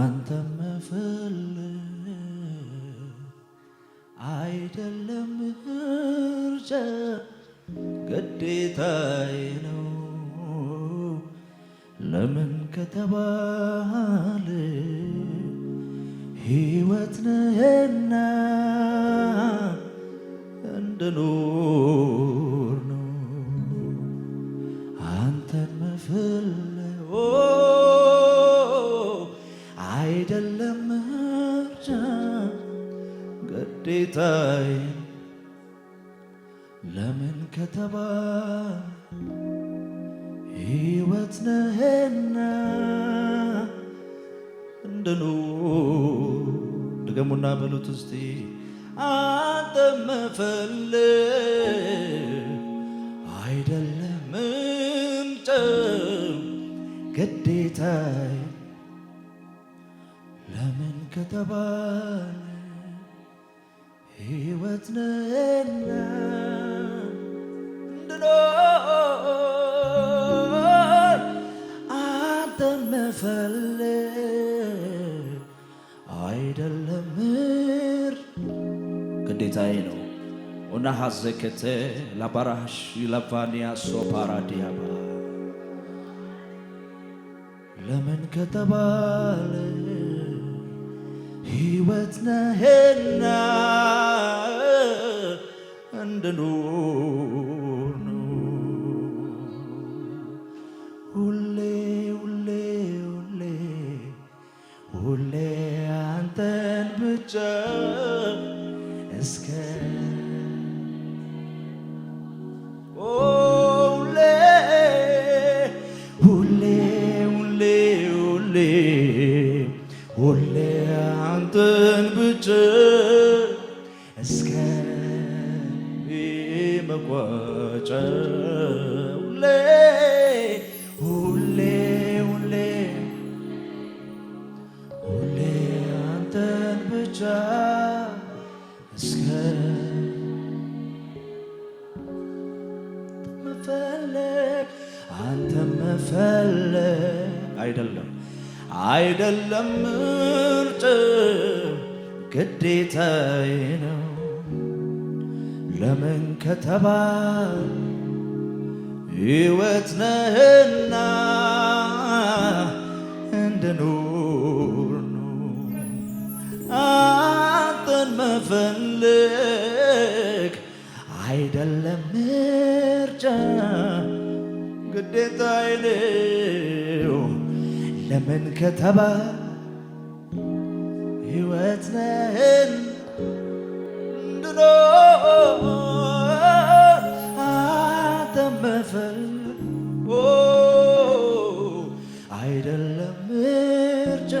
አንተ መፈለግ አይደለም ምርጫ ግዴታዬ ነው። ለምን ከተባለ ሕይወት ነህና እንድኑ ጌታዬ ለምን ከተባለ ሕይወት ነህና እንድኑር ድገሙና በሉት እስቲ አንተ መፈለግ አይደለም ምንጭም ግዴታዬ ለምን ከተባለ ሕይወት ነህና እንድኖር አንተን መፈለግ አይደለም ግዴታዬ ነው እና ሀዘከተ ላባራሽ ለቫኒያ ሶፓራዲያባ ለምን ከተባለ ሕይወት ነህና እንድኖር ነው። ሁሌ ሁሌ ሁሌ ሁሌ አንተን ብቻ እስከ ሁሌ አንተን ብቻ መቋጫው ሁሌ ሁሌ ሁሌ ሁሌ አንተን ብቻ እስከ መፈለግ አንተ መፈለግ አይደለም አይደለም ምርጭ ግዴታዬ ነው ለምን ከተባል ሕይወት ነህና እንድኑር ነው አንተን መፈለግ አይደለም ምርጫ ግዴታዬ ነው ለምን ከተባል ሕይወት ነህና አመስግኖ አተመፈል አይደለም ምርጫ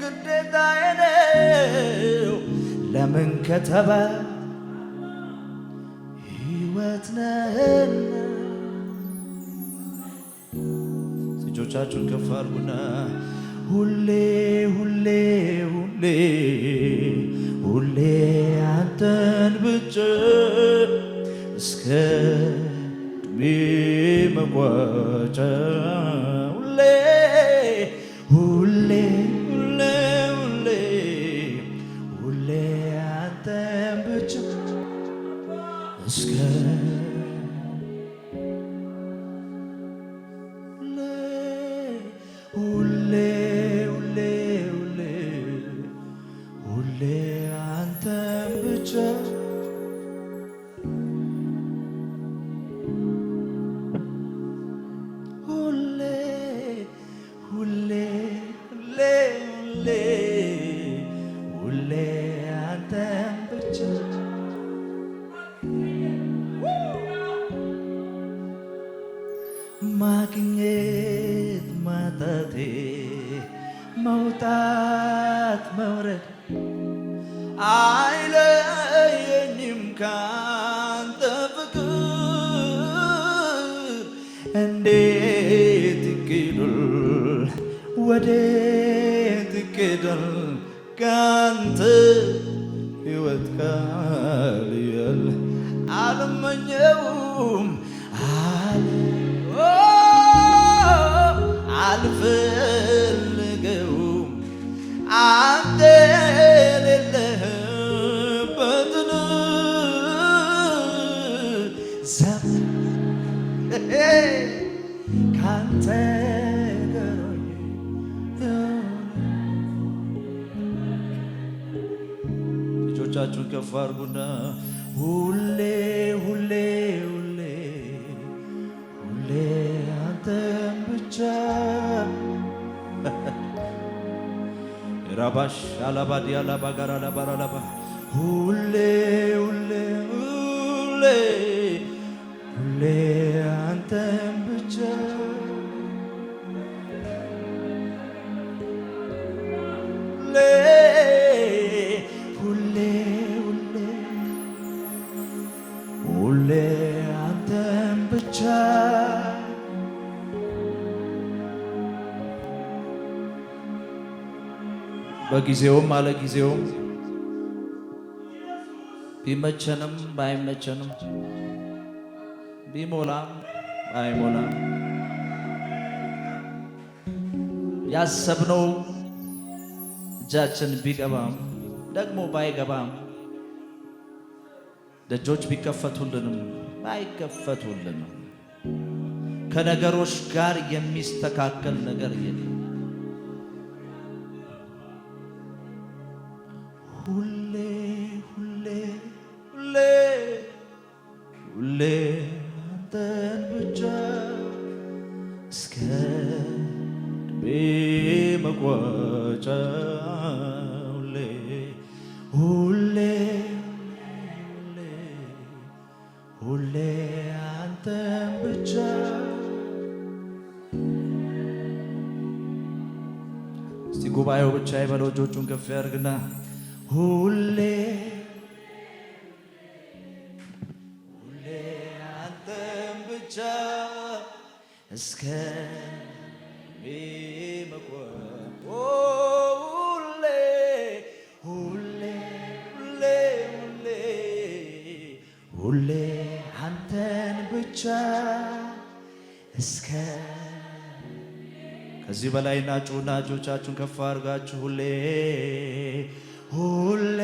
ግዴታዬ ነው። ለምን ከተባለ ሕይወት ነህና እጆቻችሁን ከፍ አድርጉና ሁሌ ሁሌ ሁሌ ሁሌ አንተን ብቻ እስከ እድሜ መቋጫ ሁሌ ወዴት ይኬዳል ከአንተ ሕይወት ጋር እጆቻችሁን ከፍ አድርጉና ሁሌ ሁሌ ሁሌ ሁሌ አንተን ብቻ ራባሽ አላባዲ አላባ ጋር አላባ አላባ ሁሌ ሁሌ ሁሌ በጊዜውም አለ ጊዜውም ቢመቸንም ባይመቸንም ቢሞላም ባይሞላም ያሰብነው እጃችን ቢገባም ደግሞ ባይገባም ደጆች ቢከፈቱልንም ባይከፈቱልንም ከነገሮች ጋር የሚስተካከል ነገር የለም። ሁሌ አንተን ብቻ እስከ እድሜ መቋጫ ሁሌ ሁሌ ሁሌ አንተን ብቻ እስቲ ጉባኤው ብቻ የበለው እጆቹን ከፍ ያድርግና ሁሌ እስከሚመቆም ሁሌ ሁሌ ሁሌ ሁሌ ሁሌ አንተን ብቻ እስከ ከዚህ በላይ ናጩና እጆቻችሁን ከፍ አድርጋችሁ ሁሌ ሁሌ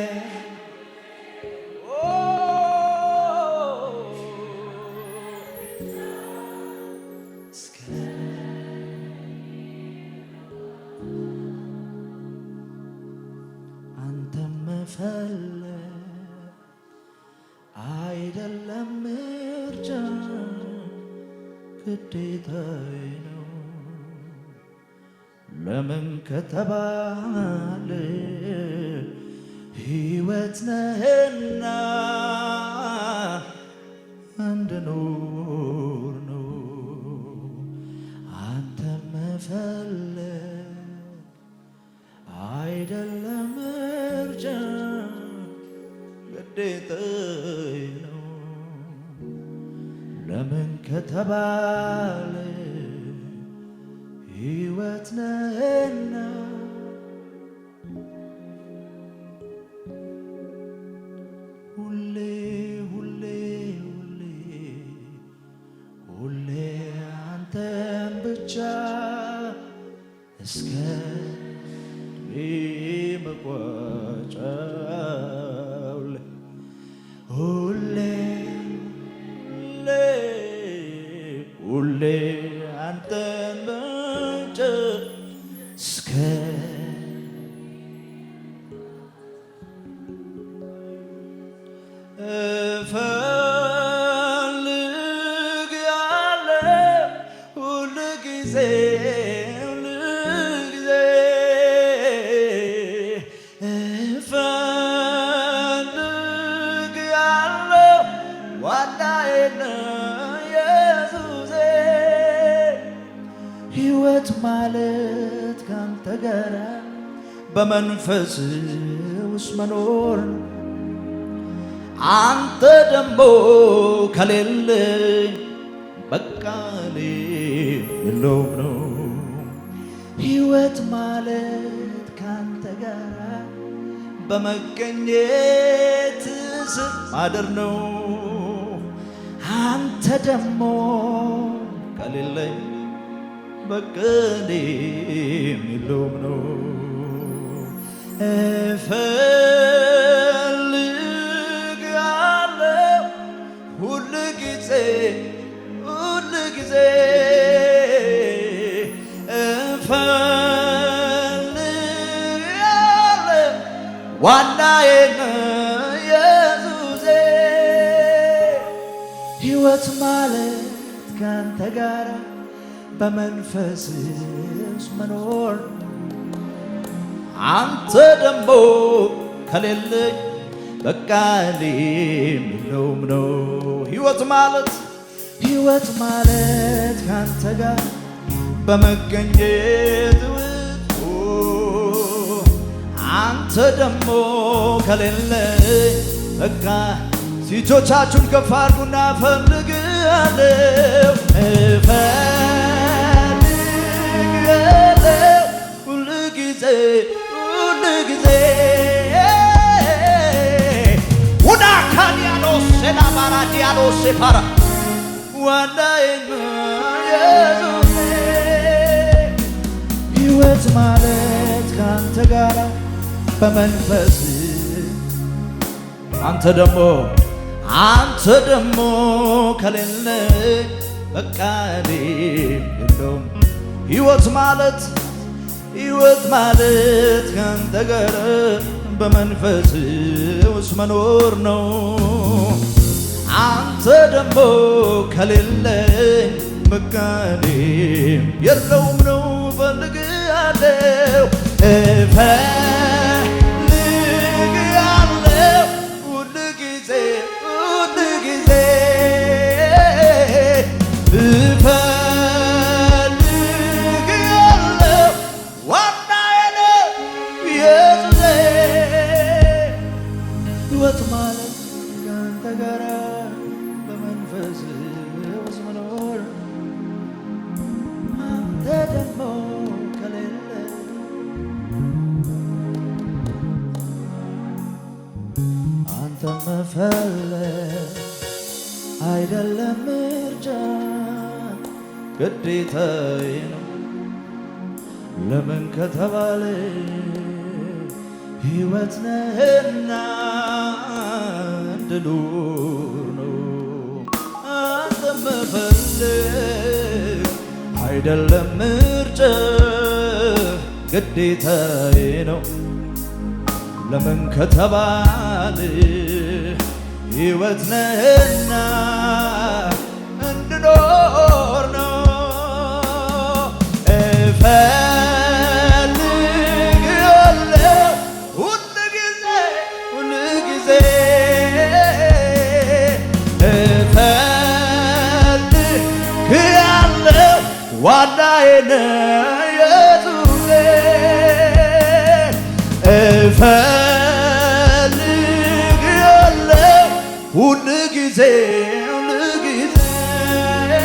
ነው ለምን ከተባለ ሕይወት ነህና እንድኖር ነው አንተ መፈለግ አይደለም ግዴታ ነው ለምን ከተባለ ሕይወት ነህና ሁሌ ሁሌ ሁሌ ሁሌ አንተን ብቻ እስከ እድሜ መቋጫ በመንፈስ ውስጥ መኖር አንተ ደግሞ ከሌለ በቃሌ የለውም ነው ሕይወት ማለት ካንተ ጋር በመገኘት ስር ማደር ነው። አንተ ደግሞ ከሌለ በቃ የለውም ነው እፈልጋለሁ ሁል ጊዜ ሁል ጊዜ እፈልጋለሁ ዋናዬ ነው ኢየሱሴ ሕይወት ማለት ካንተ ጋራ በመንፈስስ መኖር አንተ ደሞ ከሌለኝ በቃ እኔ የለውም ነው። ህይወት ማለት ህይወት ማለት ካንተ ጋር በመገኘት አንተ ደሞ ከሌለኝ በቃ ሴቶቻችሁን ከፍ አድርጉና እፈልግሃለሁ እፈልግሃለሁ ሁልጊዜ ጊዜ ሁዳ ካዲያኖስ ሴላባራ ዲያኖስ ሴፓራ ዋዳይን ሕይወት ማለት ከአንተ ጋር በመንፈስ አንተ ደግሞ አንተ ደግሞ ከሌለ በቃ እኔ የለውም ሕይወት ማለት ሕይወት ማለት ካንተ ጋር በመንፈስ ውስጥ መኖር ነው። አንተ ደግሞ ከሌለኝ መካኔ የለውም ነው እፈልግሃለሁ ልኑር ነው አንተን መፈለግ አይደለም ምርጫ ግዴታዬ ነው ለምን ከተባለ ሕይወት ነህና እንድኖር ነው ዋናዬ ነህ ኢየሱሴ እፈልግሃለሁ ሁል ጊዜ ሁል ጊዜ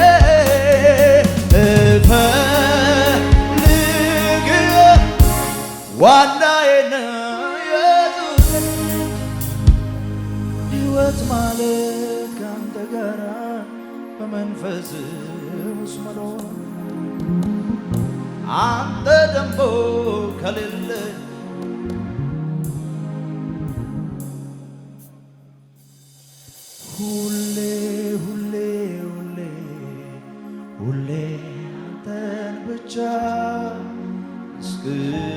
እፈልግሃለሁ ዋናዬ ነህ ሕይወት ማለት ካንተ ጋራ በመንፈስ አንተ ደንቦ ከሌለ ሁሌ ሁሌ ሁሌ ሁሌ አንተን ብቻ እስክድሜ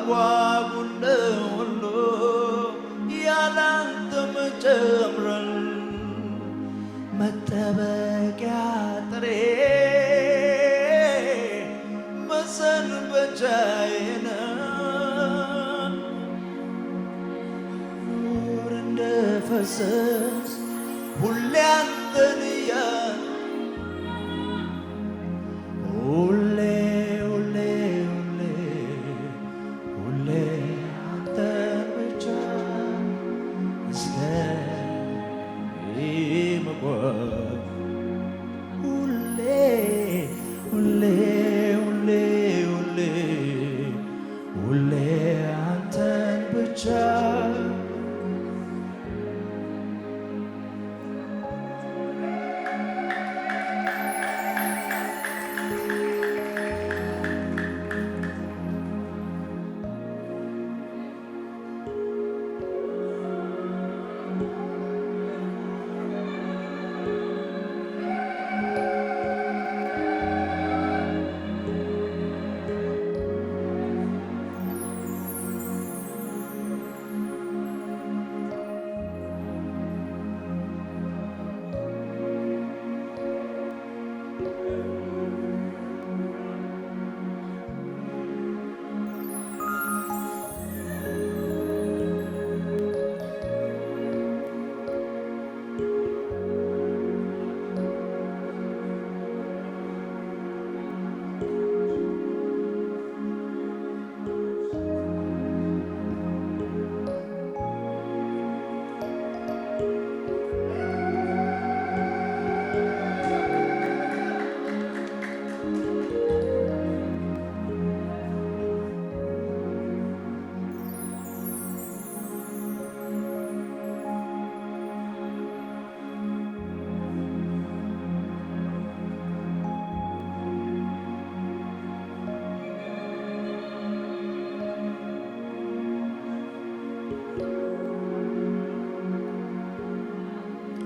ያጓጉለ ሁሉ ያላንተ መጨምረን መጠበቂያ ጥሬ መሰንበቻዬን ኑር እንደፈሰ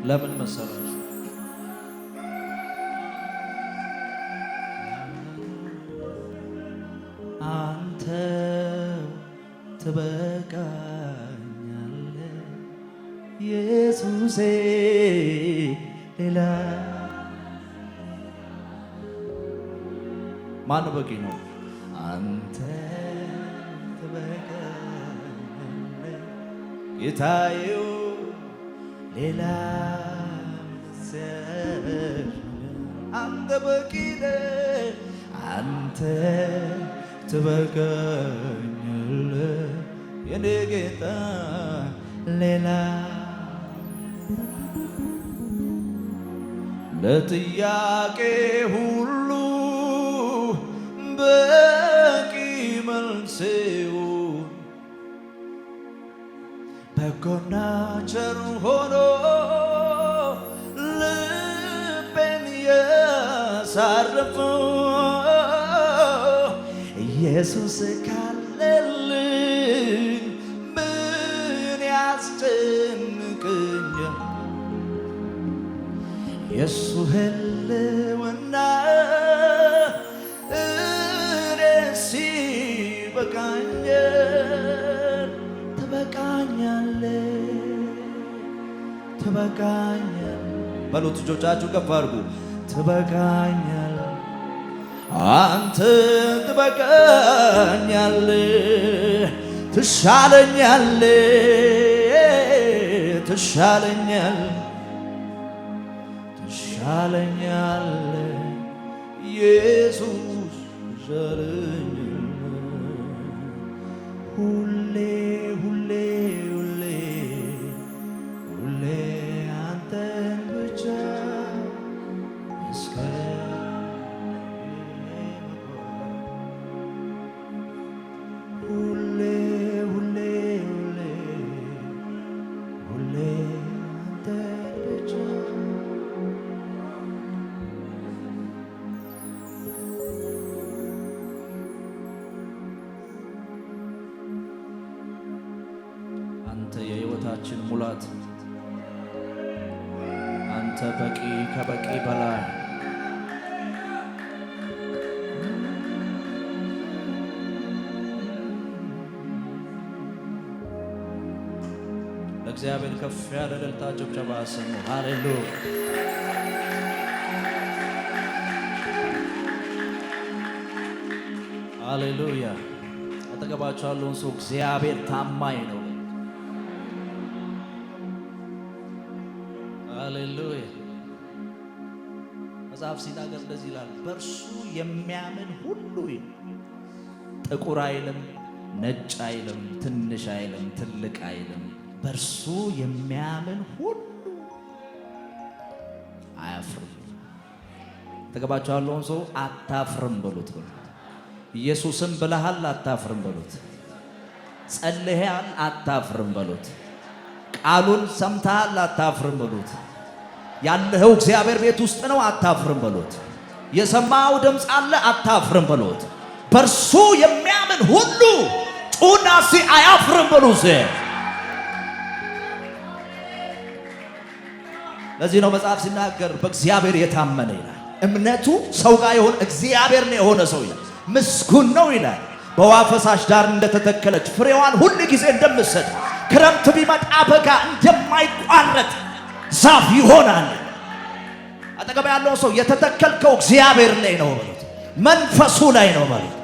ለምን መሰላችሁ? አንተ ትበቃኛለ ኢየሱሴ ሌላ ማን በቂ ነው? አንተ ትበቃኛለህ ጌታዬ ሌላ አንተ በቂ ነህ፣ አንተ ትበቃኛለህ የኔ ጌታ ሌላ ለጥያቄ ትበቃኛል በሉት። እጆቻችሁ ከፍ አድርጉ። ትበቃኛል አንተ ትበቃኛል ትሻለኛል ትሻለኛል ትሻለኛል ኢየሱስ ከፍ ያለ ደልታ ጭብጨባ ስሙ። ሃሌሉ ሃሌሉያ። አጠገባቸው ያለውን ሰው እግዚአብሔር ታማኝ ነው። ሃሌሉያ። መጽሐፍ ሲናገር እንደዚህ ይላል፣ በእርሱ የሚያምን ሁሉ ጥቁር አይልም፣ ነጭ አይልም፣ ትንሽ አይልም፣ ትልቅ አይልም በእርሱ የሚያምን ሁሉ አያፍርም። ተገባቸው ያለውን ሰው አታፍርም በሉት በሉት። ኢየሱስም ብለሃል አታፍርም በሉት። ጸልሃል አታፍርም በሉት። ቃሉን ሰምተሃል አታፍርም በሉት። ያለኸው እግዚአብሔር ቤት ውስጥ ነው አታፍርም በሉት። የሰማው ድምፅ አለ አታፍርም በሉት። በእርሱ የሚያምን ሁሉ ጡናሲ አያፍርም በሉት። ለዚህ ነው መጽሐፍ ሲናገር በእግዚአብሔር የታመነ ይላል። እምነቱ ሰው ጋር የሆነ እግዚአብሔር ነው የሆነ ሰው ይላል። ምስጉን ነው ይላል። በውሃ ፈሳሽ ዳር እንደተተከለች ፍሬዋን ሁል ጊዜ እንደምትሰጥ ክረምት ቢመጣ በጋ እንደማይቋረጥ ዛፍ ይሆናል። አጠገባ ያለውን ሰው የተተከልከው እግዚአብሔር ላይ ነው መንፈሱ ላይ ነው ማለት